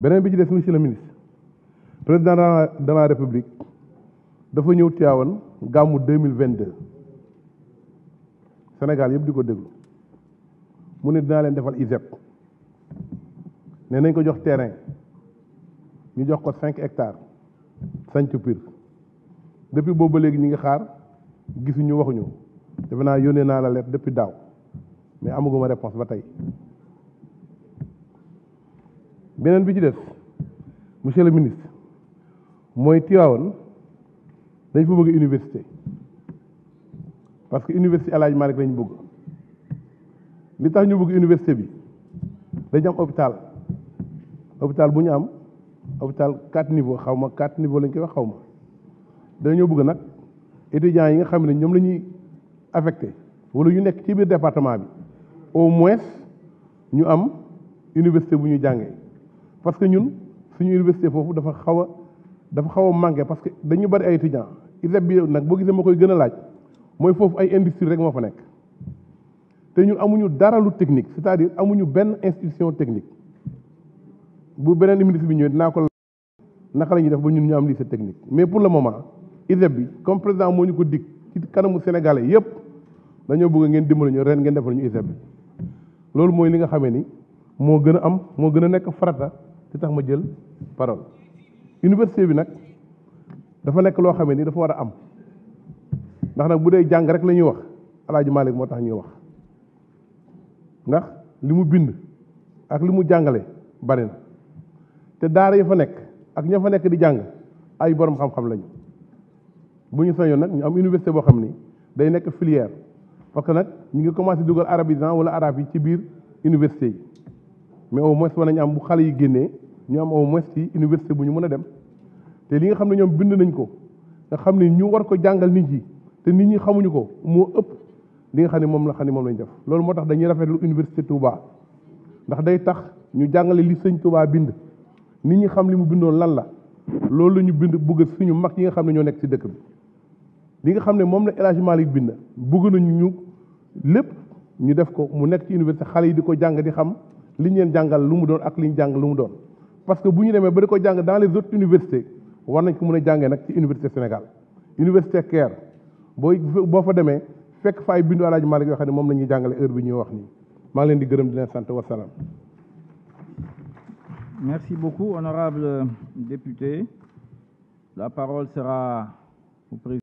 beneen bi ci des ci le ministre président de la république dafa ñëw Tivaouane gàmmu deux mille vingt deux Sénégal yëpp di ko déglu mu ne dinaa leen defal ISEP nee nañ ko jox terrain ñu jox ko cinq hectares sanc Pire depuis boobu ba léegi ñu ngi xaar gisuñu waxuñu defe naa yónnee naa la lettre depuis daaw mais amaguma réponse ba tey beneen bi ci def monsieur le ministre mooy Tivaouane dañ fa bëgg université parce que université El Hadj Malick lañ bëgg li tax ñu bëgg université bi dañu am hôpital hôpital bu ñu am hôpital quatre niveau xaw ma quatre niveau lañ koy wax xaw ma dañoo bëgg nag étudiants yi nga xam ne ñoom la ñuy affecté wala ñu nekk ci biir département bi au moins ñu am université bu ñuy jàngee. parce que ñun suñu université foofu dafa xaw a dafa xaw a manqué parce que dañu bari ay étudiants ISEP bi nag boo gisee ma koy gën a laaj mooy foofu ay industrie rek moo fa nekk te ñun amuñu dara lu technique c'est-à-dire amuñu benn institution technique bu beneen ministre bi ñëwee dinaa ko naka la ñuy def ba ñun ñu am lycée technique mais pour le moment ISEP bi comme président moo ñu ko dig ci kanamu sénégalais yépp dañoo bëgg ngeen dimbali ñu ren ngeen defal ñu ISEP bi loolu mooy li nga xamee ni moo gën a am moo gën a nekk farata li tax ma jël parole université bi nag dafa nekk loo xamee ni dafa war a am ndax nag bu dee jàng rek la ñuy wax alaaji Malick moo tax ñuy wax ndax li mu bind ak li mu jàngale bari na te daara yi fa nekk ak ña fa nekk di jàng ay borom xam-xam lañu bu ñu sañoon nag ñu am université boo xam ni day nekk filière parce nag ñu ngi commencé dugal arabisant wala arab yi ci biir université yi mais au moins wa nañ am bu xale yi génnee ñu am au moins ci université bu ñu mën a dem te li nga xam ne ñoom bind nañ ko nga xam ne ñu war ko jàngal nit ñi te nit ñi xamuñu ko moo ëpp li nga xam ne moom la xam ne moom lañ def loolu moo tax dañuy rafetlu université Touba ndax day tax ñu jàngale li sëñ bind nit ñi xam li mu bindoon lan la loolu la ñu bind bëgg suñu mag yi nga xam ne ñoo nekk ci dëkk bi li nga xam ne moom la El Hadj bind bëgg nañu ñu lépp ñu def ko mu nekk ci université xale yi di ko jàng di xam li ñu leen jàngal lu mu doon ak li ñu jàng lu mu doon parce que bu ñu demee ba di ko jàng dans les autres war nañ ko mun a jàngee nag ci université Sénégal université Caire booy boo fa demee fekk faay bindu Alaaji Malick yoo xam ne moom la ñu jàngale heure bi ñuy wax nii maa leen di gërëm di leen sant wasalaam. Merci beaucoup, honorable député. La parole sera au président.